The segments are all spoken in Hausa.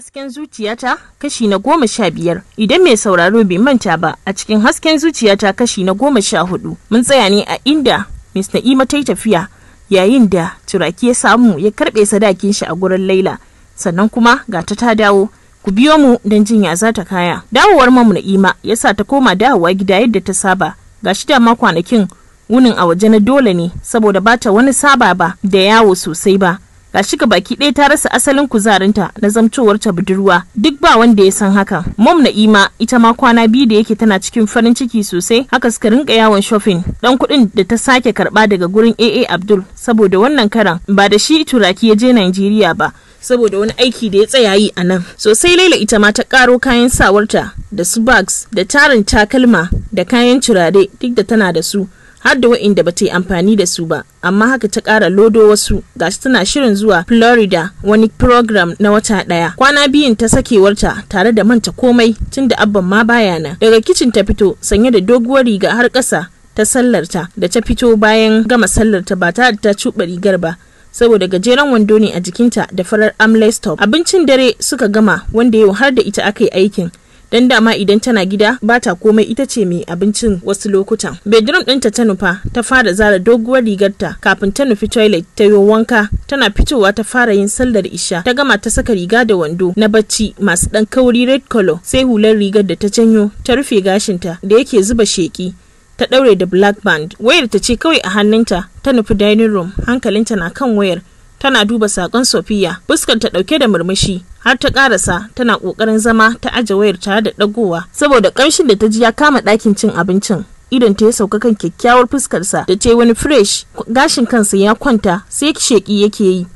Hasken zuciyata kashi na goma sha biyar idan mai sauraro bai manta ba a cikin hasken zuciyata kashi na goma sha hudu mun tsaya ne a inda mr Na'ima ta yi tafiya yayin da turaki ya samu ya karbe sadakin shi a gurin Laila sannan kuma ga ta ta dawo ku biyo mu don jin ya za kaya dawowar mamu Na'ima ya sa ta koma dawowa gida yadda ta saba ga shi dama kwanakin wunin a waje na dole ne saboda bata wani saba ba da yawo sosai ba ga baki ɗaya ta rasa asalin kuzarinta na zamcowar ta budurwa duk ba wanda ya san haka mom na na'ima ita ma kwana biyu da yake tana cikin farin ciki sosai haka suka rinka yawon shopping dan kuɗin da ta sake karɓa daga gurin aa abdul saboda wannan karan ba da shi turaki ya je nigeria ba saboda wani aiki da ya tsaya yi a nan sosai laila ita ma ta karo kayan sawarta da su bags da tarin takalma da kayan turare duk da tana da su har da wa'inda ba ta yi amfani da su ba amma haka ta ƙara lodo wasu gashi tana shirin zuwa florida wani program na wata ɗaya kwana biyun ta sakewarta tare da manta komai tun da abban ma baya nan daga kicin ta fito sanye da doguwar riga har ƙasa ta sallarta da ta fito bayan gama sallarta ba ta da ta cuɓa rigar ba saboda gajeren wando ne a jikinta da farar amlestop abincin dare suka gama wanda yau har da ita aka yi aikin dan dama idan tana gida ba ta komai ita ce mai abincin wasu lokutan bedroom ɗinta ta nufa ta fara zara doguwar rigarta kafin ta nufi toilet ta yi wanka tana fitowa ta fara yin sallar isha ta gama ta saka riga da wando na bacci masu ɗan kauri red color sai hular rigar da ta janyo ta rufe gashinta da yake zuba sheki ta ɗaure da black band wayar ta ce kawai a hannunta ta nufi dining room hankalinta na kan wayar tana duba saƙon Sofiya, fuskar ta ɗauke da murmushi, har ta ƙarasa tana ƙoƙarin zama ta aje wayar tare da ɗagowa saboda ƙamshin da ta ji ya kama ɗakin cin abincin. idan ta ya sauka kan kyakkyawar fuskarsa da ce wani fresh gashin kansa ya kwanta sai sheki yake yi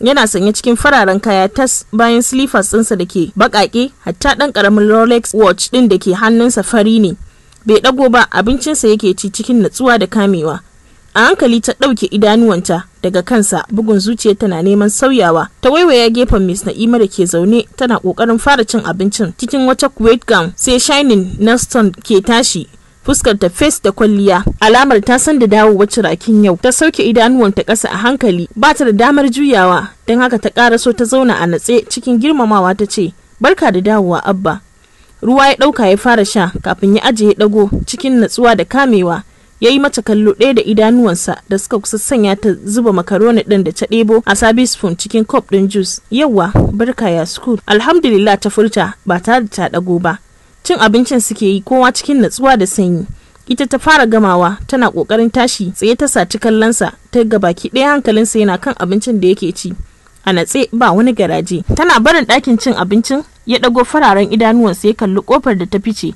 yana sanye cikin fararen kaya tas bayan slippers ɗinsa da ke baƙaƙe hatta ɗan ƙaramin rolex watch ɗin da ke hannunsa fari ne bai ɗago ba abincinsa yake ci cikin natsuwa da kamewa a hankali ta ɗauke idanuwanta daga kansa bugun zuciya tana neman sauyawa ta waiwaya gefen miss na'ima da ke zaune tana ƙoƙarin fara cin abincin cikin wata kuwait gown sai shining nelson ke tashi fuskar ta face da kwalliya alamar ta san da dawo wacce rakin yau ta sauke idanuwanta ƙasa a hankali ba ta da damar juyawa don haka ta kara so ta zauna a natse cikin girmamawa ta ce barka da dawowa abba ruwa ya ɗauka ya fara sha kafin ya ajiye dago cikin natsuwa da kamewa ya yi mata kallo ɗaya da idanuwansa da suka kusa sanya ta zuba makaroni ɗin da ta ɗebo a sabis spoon cikin kop ɗin juice yawa barka ya school alhamdulillah ta furta ba ta da ta ɗago ba cin abincin suke yi kowa cikin natsuwa da sanyi ita ta fara gamawa tana ƙoƙarin tashi tsaye ta saci kallonsa ta ga baki ɗaya hankalinsa yana kan abincin da yake ci a natse ba wani garaje tana barin ɗakin cin abincin ya ɗago fararen idanuwansa ya kalli ƙofar da ta fice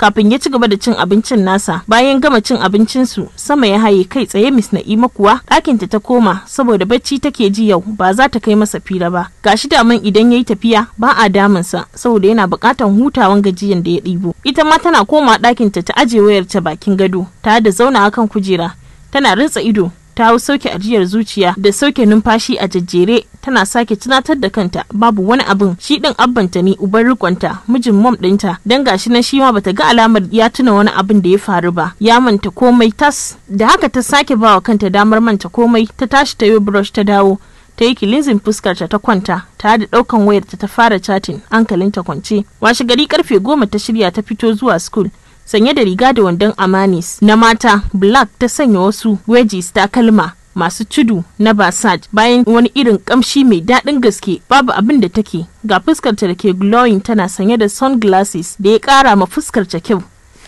kafin ya ci gaba da cin abincin nasa bayan gama cin abincinsu sama ya haye kai tsaye miss na'ima kuwa ɗakinta ta koma saboda bacci take ji yau ba za ta kai masa fira ba gashi daman idan ya yi tafiya ba a damunsa saboda yana buƙatan hutawan gajiyan da ya ɗibo ita ma tana koma ɗakinta ta aje wayarta bakin gado ta da zauna akan kujera tana rintsa ido ta hau sauke ajiyar zuciya da sauke numfashi a jajjere tana sake tunatar da kanta babu wani abin shi din abbanta ne uban rikonta mijin mom dinta dan gashi na shi ma bata ga alamar ya tuna wani abin da ya faru ba ya manta komai tas da haka ta sake bawa kanta damar manta komai ta tashi ta yi brush ta dawo ta yi kilinzin fuskarta ta kwanta ta da daukan wayarta ta fara chatting hankalinta kwance washe gari karfe goma ta shirya ta fito zuwa school sanye da riga da wandon amanis na mata black ta sanya wasu wedges takalma masu tudu na basaj bayan wani irin kamshi mai daɗin gaske babu abin da take ga fuskarta da ke glowing tana sanye da sunglasses da ya ƙara ma fuskarta kyau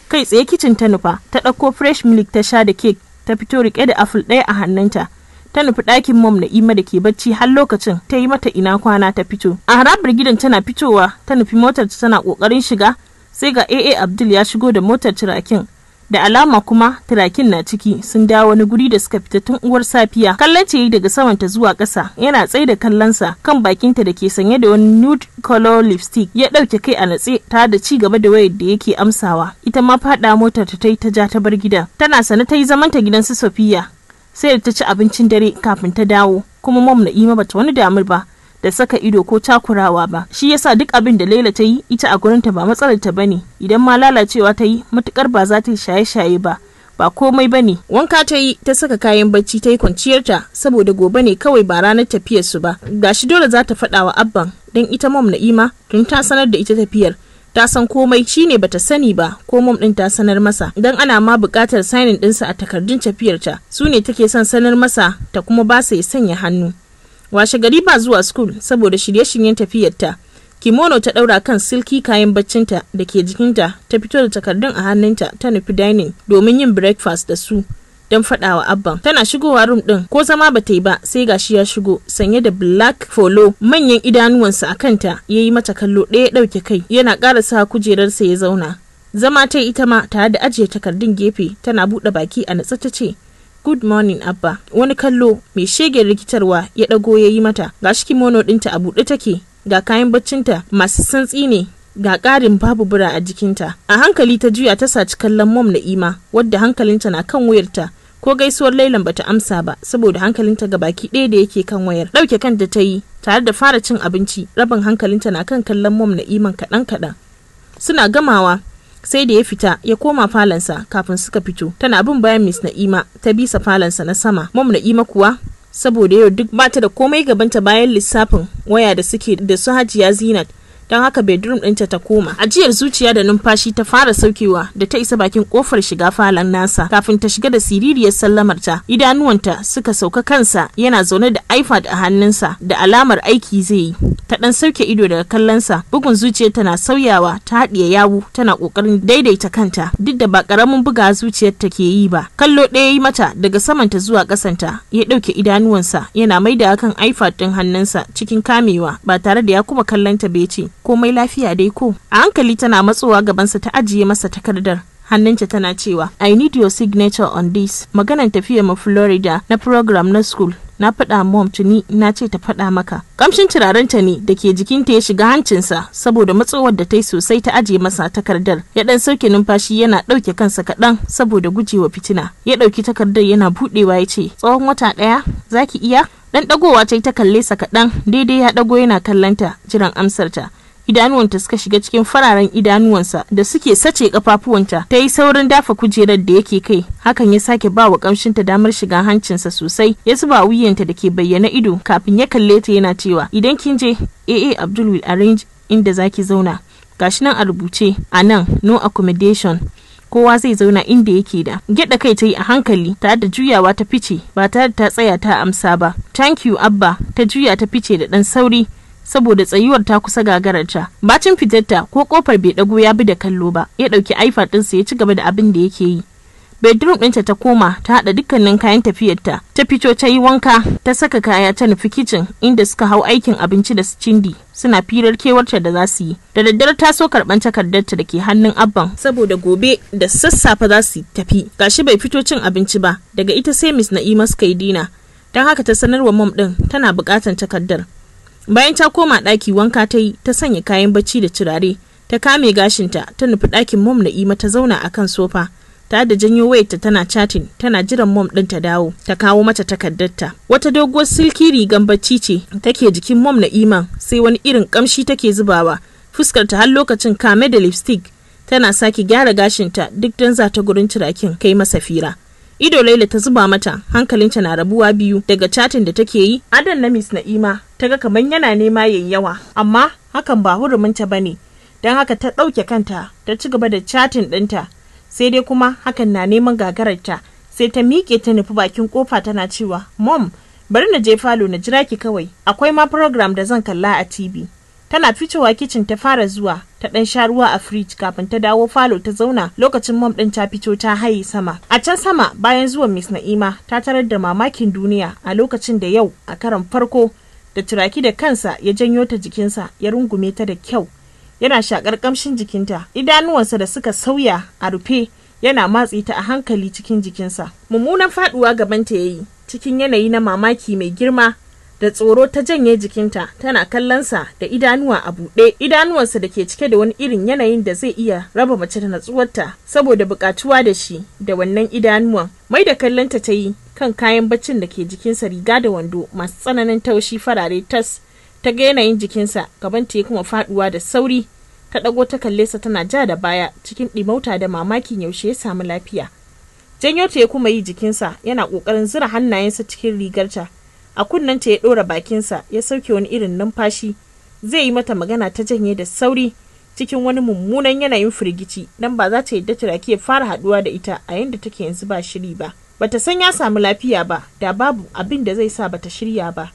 kai tsaye kicin ta nufa ta ɗauko fresh milk ta sha da cake ta fito riƙe da apple ɗaya a hannunta ta nufi ɗakin mom na ima da ke bacci har lokacin ta yi mata ina kwana ta fito a harabar gidan tana fitowa ta nufi motar tana ƙoƙarin shiga sai ga aa abdul ya shigo da motar turakin da alama kuma tirakin na ciki sun dawo wani guri da suka fita tun uwar safiya kallon ce daga saman ta zuwa ƙasa yana tsaye da kallonsa kan bakinta da ke sanye da wani nude color lipstick ya ɗauke kai a natse ta da ci gaba da wayar da yake amsawa ita ma faɗa motar ta ta ja ta bar gidan tana sane ta yi zaman ta gidan su sofiya sai da ta ci abincin dare kafin ta dawo kuma mom na'ima bata wani damar ba da saka ido ko takurawa ba shi yasa duk abin da Laila ta yi ita a gurinta ba matsalar ta bane idan ma lalacewa ta yi matukar ba za ta yi shaye-shaye ba ba komai bane wanka ta yi ta saka kayan bacci ta yi kwanciyarta saboda gobe ne kawai ba ranar tafiyar su ba gashi dole za ta faɗa wa abban don ita mom na'ima tun ta sanar da ita tafiyar ta san komai shine bata sani ba ko mom din ta sanar masa dan ana ma bukatar sinin dinsa a takardun tafiyarta su ne take son sanar masa ta kuma ba sa ya sanya hannu washe gari ba zuwa school saboda shirye-shiryen tafiyarta kimono ta daura kan silki kayan baccinta da ke jikinta ta fito da takardun a hannunta ta nufi dining domin yin breakfast da su don faɗawa abban tana shigowa room din ko zama ba ta yi ba sai gashi ya shigo sanye da black polo manyan idanuwansa a kanta ya yi mata kallo ɗaya ɗauke kai yana ƙara sa kujerarsa ya zauna zama ta yi ita ma tare da ajiye takardun gefe tana buɗe baki a natsa ta ce good morning abba wani kallo mai shegen rikitarwa ya ɗago ya yi mata ga shi kimono ɗinta a buɗe take ga kayan baccinta masu santsi ne ga ƙarin babu bura a jikinta a hankali ta juya ta saci kallon mom na ima wadda hankalinta na kan wayarta ko gaisuwar lailan bata amsa ba saboda hankalinta ga baki ɗaya da yake kan wayar ɗauke da ta yi tare da fara cin abinci rabin hankalinta na kan kallon mom na iman kaɗan kaɗan suna gamawa sai da ya fita ya koma falansa kafin suka fito tana bin bayan miss na'ima ta bisa falansa na sama mom na'ima kuwa saboda yau duk bata da komai gabanta bayan lissafin waya da suke da su hajiya zinat don haka bedroom ɗinta ta koma ajiyar zuciya da numfashi ta fara saukewa da ta isa bakin kofar shiga falon nasa kafin ta shiga da siririyar sallamarta idanuwanta suka sauka kansa yana zaune da ipad a hannunsa da alamar aiki zai yi ta dan sauke ido daga kallonsa bugun zuciyar tana sauyawa ta haɗiye yawu tana ƙoƙarin daidaita kanta duk da ba ƙaramin buga zuciyar ta ke yi ba kallo ɗaya yi mata daga samanta zuwa ƙasanta ya ɗauke idanuwansa yana mai da akan aifat din hannunsa cikin kamewa ba tare da ya kuma kallonta bai ce komai lafiya dai ko a hankali tana matsowa gabansa ta ajiye masa takardar hannunta tana cewa i need your signature on this maganan tafiya ma florida na program na school na faɗa mom tuni na ce ta faɗa maka kamshin turarenta ne da ke jikinta ya shiga hancinsa saboda matsowar da ta yi sosai ta aje masa takardar ya ɗan sauke numfashi yana ɗauke kansa kaɗan saboda gujewa fitina ya ɗauki takardar yana buɗewa ya ce tsawon wata ɗaya zaki iya ɗan dagowa ta ta kalle sa kaɗan daidai ya dago yana kallonta jiran amsarta idanuwanta suka shiga cikin fararen idanuwansa da suke sace kafafuwanta ta yi saurin dafa kujerar da yake kai hakan ya sake ba wa kamshinta damar shiga hancinsa sosai ya zuba wuyanta da ke bayyana ido kafin ya kalle ta yana cewa idan kin je aa abdul will arrange inda zaki zauna gashi nan a rubuce a nan no accommodation kowa zai zauna inda yake da gyada kai ta yi a hankali tare da juyawa ta fice ba ta da ta tsaya ta amsa ba thank you abba ta juya ta fice da dan sauri saboda tsayuwar ta kusa gagararta bacin fitarta ko kofar bai dago ya bi da kallo ba ya dauki aifar ɗinsa ya ci gaba da abin da yake yi bedroom ɗinta ta koma ta haɗa dukkanin kayan tafiyarta ta fito ta yi wanka ta saka kaya ta nufi kicin inda suka hau aikin abinci da su cindi suna firar kewarta da za su yi da daddare ta so karɓan takardarta da ke hannun abban saboda gobe da sassafe za su tafi gashi bai fito cin abinci ba daga ita sai miss na'ima suka yi dina don haka ta sanarwa mom ɗin tana buƙatar takardar bayan ta koma ɗaki wanka ta yi ta sanya kayan bacci da turare ta kame gashinta ta nufi ɗakin mom na ima ta zauna a kan sofa ta da janyo wayarta tana chatting tana jiran mom ɗin ta dawo ta kawo mata takardarta wata doguwar silki rigan bacci ce take jikin mom na iman sai wani irin kamshi take zubawa fuskar ta har lokacin kame da lipstick tana sake gyara gashinta duk don za ta gurin cirakin kai masa fira ido laila ta zuba mata hankalinta na rabuwa biyu daga chatin da take yi adan na miss na'ima ta ga kamar yana nema yayi yawa amma hakan ba huruminta bane don haka ta ɗauke kanta ta ci gaba da chatin ɗinta sai dai kuma hakan na neman gagararta sai ta miƙe ta nufi bakin kofa tana cewa mom bari na je falo na jira ki kawai akwai ma program da zan kalla a tv tana fitowa kicin ta fara zuwa ta dan sha ruwa a fridge kafin ta dawo falo ta zauna lokacin mom din ta fito ta haye sama a can sama bayan zuwan miss na'ima ta tarar da mamakin duniya a lokacin da yau a karan farko da turaki da kansa ya janyo ta jikinsa ya rungume ta da kyau yana shakar kamshin jikinta idanuwansa da suka sauya a rufe yana matsi ta a hankali cikin jikinsa mummunan faduwa gaban ta yayi, cikin yanayi na mamaki mai girma da tsoro ta janye jikinta tana kallonsa da idanuwa a buɗe idanuwansa da ke cike da wani irin yanayin da zai iya raba mace da natsuwarta saboda buƙatuwa da shi da wannan idanuwan mai da kallonta ta yi kan kayan baccin da ke jikinsa riga da wando masu tsananin taushi farare tas ta ga yanayin jikinsa gaban ta kuma faduwa da sauri ta ɗago ta kalle sa tana ja da baya cikin ɗimauta da mamakin yaushe ya samu lafiya janyo ta ya kuma yi jikinsa yana ƙoƙarin zura hannayensa cikin rigarta a kunnen ta ya ɗora bakinsa ya sauke wani irin numfashi zai yi mata magana ta janye da sauri cikin wani mummunan yanayin firgici dan ba za ta yadda turaki ya fara haɗuwa da ita a yadda take yanzu ba shiri ba bata san ya samu lafiya ba da babu abin da zai sa bata shirya ba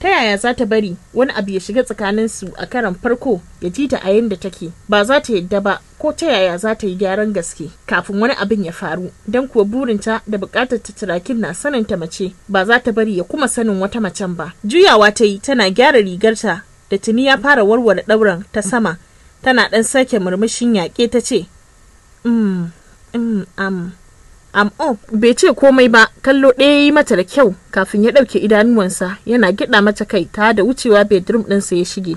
ta yaya za ta bari wani abu ya shiga tsakaninsu a karan farko ya ji ta a yadda take ba za ta yadda ba ko ta yaya za ta yi gyaran gaske kafin wani abin ya faru don kuwa burinta da bukatar ta turakin na sanin ta mace ba za ta bari ya kuma sanin wata macen ba juyawa ta yi tana gyara rigarta da tuni ya fara warware dauran ta sama tana dan sake murmushin yaƙe ta ce mm, mm, am um. am oh. bai ce komai ba kallo ɗaya yi mata da kyau kafin ya ɗauke idanuwansa yana gida mata kai ta da wucewa bedroom ɗinsa ya shige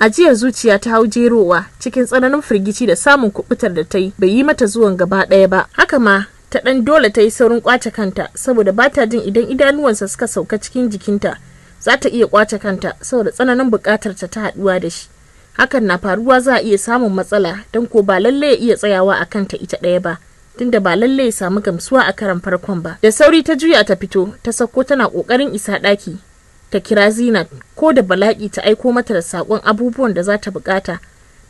ajiyar zuciya ta hau jerowa cikin tsananin firgici da samun kubutar da ta yi bai yi mata zuwan gaba ɗaya ba haka ma ta ɗan dole ta yi saurin kwace kanta saboda ba ta jin idan idanuwansa suka sauka cikin jikinta za ta iya kwace kanta saboda tsananin buƙatar ta ta haɗuwa da shi hakan na faruwa za a iya samun matsala don ko ba lallai ya iya tsayawa a kanta ita ɗaya ba tunda ba lallai ya samu gamsuwa a karan farkon ba da sauri ta juya ta fito ta sauko tana ƙoƙarin isa ɗaki ta kira Zinat ko da bala'i ta aiko mata da sakon abubuwan da za ta buƙata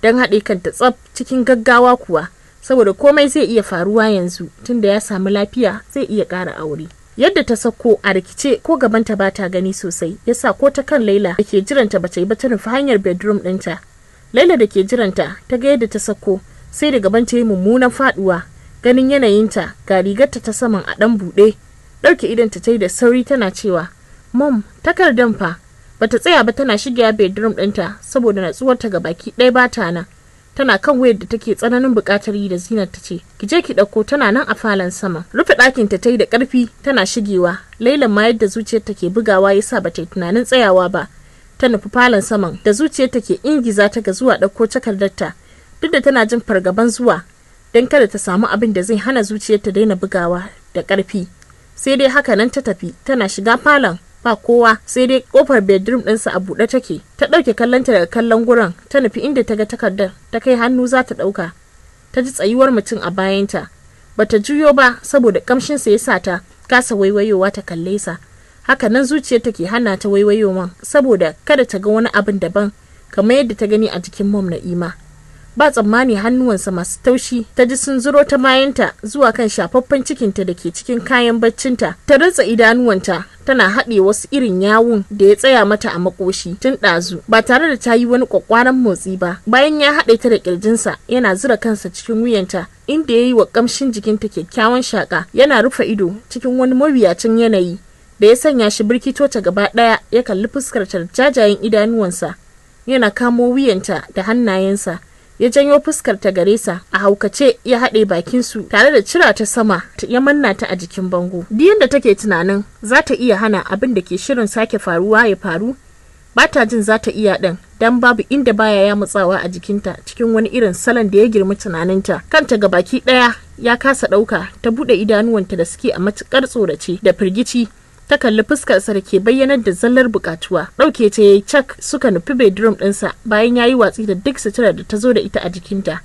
don haɗe kanta tsaf cikin gaggawa kuwa saboda komai zai iya faruwa yanzu tunda ya samu lafiya zai iya ƙara aure. Yadda ta sako a rikice ko gabanta ba ta gani sosai yasa ko ta kan Laila da ke jiranta ba ta yi ba ta nufi hanyar bedroom ɗinta. Laila da ke jiranta ta ga yadda ta sako sai da gabanta ya mummunan faɗuwa ganin yanayinta ga rigarta ta saman a ɗan buɗe ɗauke idanta ta yi da sauri tana cewa mom takardan fa bata tsaya ba tana shigewa bedroom ɗinta saboda natsuwarta ga baki ɗaya ba ta nan tana kan wayar da take tsananin buƙatar yi da zinar ta ce ki je ki ɗauko tana nan a falon sama rufe ɗakin ta ta yi da ƙarfi tana shigewa lailan ma yadda zuciyar ta ke bugawa yasa ba ta yi tunanin tsayawa ba ta nufi falon saman da zuciyar ta ke ingiza ta ga zuwa ɗauko takardarta duk da tana jin fargaban zuwa don kada ta samu abin da zai hana zuciyarta daina bugawa da ƙarfi sai dai haka nan ta tafi tana shiga falon ba kowa sai dai kofar bedroom ɗinsa a buɗe take ta ɗauke kallonta daga kallon gurin ta nufi inda ta ga takardar ta kai hannu za ta ɗauka ta ji tsayuwar mutum a bayanta bata juyo ba saboda kamshinsa ya sa ta kasa waiwayowa ta kalle sa haka nan zuciyar ke hana ta waiwayowa saboda kada ta ga wani abin daban kamar yadda ta gani a jikin mom na ima ba tsammani hannuwansa masu taushi ta ji sun zuro ta bayanta zuwa kan shafaffen cikinta da ke cikin kayan baccinta ta rutsa idanuwanta tana haɗe wasu irin yawun da ya tsaya mata a makoshi tun ɗazu ba tare da ta yi wani kwakwaran motsi ba bayan ya haɗe ta da ƙirjinsa yana zura kansa cikin wuyanta inda ya yi wa ƙamshin jikinta kyakkyawan shaƙa yana rufe ido cikin wani mawuyacin yanayi da ya sanya shi birkito ta gaba ɗaya ya kalli fuskar jajayen idanuwansa yana kamo wuyanta da hannayensa ya janyo fuskar ta gare sa a haukace ya haɗe bakin su tare da cira ta sama ya manna ta a jikin bango diyan da take tunanin za ta iya hana abin da ke shirin sake faruwa ya faru ba ta jin za ta iya ɗan dan babu inda baya ya mutsawa a jikinta cikin wani irin salon da ya girma tunaninta kanta ga baki ɗaya ya kasa ɗauka ta buɗe idanuwanta da suke a matukar tsorace da firgici ta kalli fuskarsa da ke bayyanar da zallar bukatuwa dauke ta yayi cak suka nufi bedroom ɗinsa bayan yayi yi watsi da duk sutura da ta zo da ita a jikinta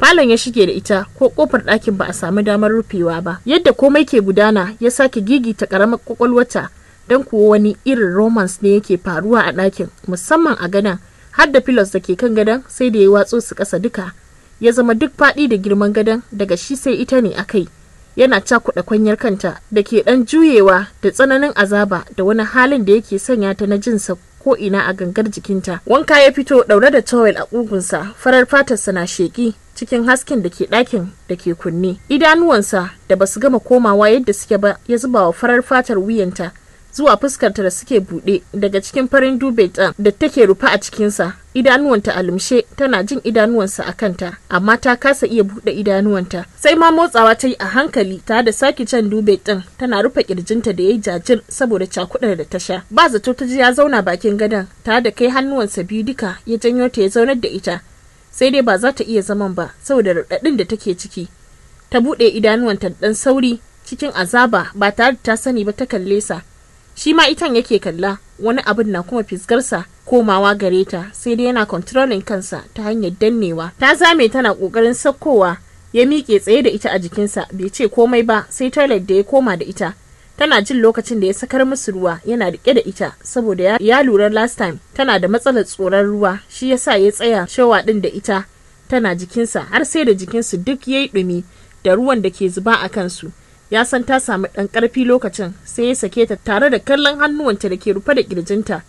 falon ya shige da ita ko kofar ɗakin ba a samu damar rufewa ba yadda komai ke gudana ya sake gigita karamar kwakwalwata don kuwa wani irin romance ne yake faruwa a ɗakin musamman a gadon har da filos da ke kan gadon sai da ya watso su ƙasa duka ya zama duk faɗi da girman gadon daga shi sai ita ne a kai yana cakuɗa kwanyar kanta da ke ɗan juyewa da tsananin azaba da wani halin da yake sanya ta na jinsa ko ina a gangar jikinta wanka ya fito ɗaure da towel a ƙugunsa farar fatarsa na sheƙi cikin hasken da ke ɗakin da ke kunne idanuwansa da basu gama komawa yadda suke ba ya zuba wa farar fatar wuyanta zuwa fuskarta da suke buɗe daga cikin farin dube ɗan da take rufe a cikinsa idanuwanta a lumshe tana jin idanuwansa a kanta amma ta kasa iya buɗe idanuwanta sai ma motsawa ta yi a hankali ta da sake can dube ɗin tana rufe kirjinta da ya yi jajir saboda cakudar da ta sha ba zato ta ji ya zauna bakin gadon ta da kai hannuwansa biyu duka ya janyo ta ya zaunar da ita sai dai ba za ta iya zaman ba saboda raɗaɗin da take ciki ta buɗe idanuwanta da ɗan sauri cikin azaba ba tare da ta sani ba ta kalle sa shi ma itan yake kalla wani abin na kuma fisgarsa komawa gare ta sai dai yana kontrolin kansa ta hanyar dannewa ta zame tana kokarin sakkowa ya miƙe tsaye da ita a jikinsa bai ce komai ba sai toilet da ya koma da ita tana jin lokacin da ya sakar musu ruwa yana rike da ita saboda ya lura last time tana da matsalar tsoron ruwa shi yasa ya tsaya shawa din da ita tana jikinsa har sai da jikinsu duk yayi ɗumi da ruwan da ke zuba a kansu ya san ta samu ɗan ƙarfi lokacin sai ya sake ta tare da kallon hannuwanta da ke rufe da ƙirjinta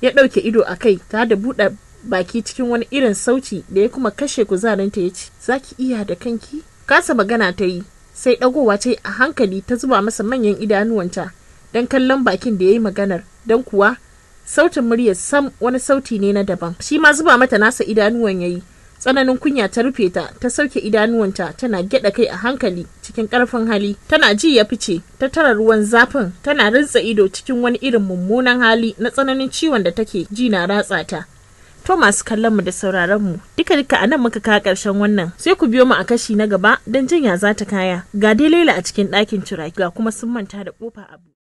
ya ɗauke ido a kai ta da buɗe baki cikin wani irin sauti, da ya kuma kashe kuzarinta ya ce za ki iya da kanki kasa magana ta yi sai ɗagowa ta a hankali ta zuba masa manyan idanuwanta don kallon bakin da ya yi maganar don kuwa sautin muryar sam wani sauti ne na daban shi ma zuba mata nasa idanuwan ya yi tsananin kunya ta rufe ta ta sauke idanuwanta tana gyada kai a hankali cikin karfin hali tana ji ya fice ta tara ruwan zafin tana rintsa ido cikin wani irin mummunan hali na tsananin ciwon da take ji na ratsa ta masu kallon mu da sauraron mu duka duka anan muka kawo karshen wannan sai ku biyo mu a kashi na gaba don jinya za ta kaya ga dai a cikin ɗakin ciraki ga kuma sun manta da kofa abu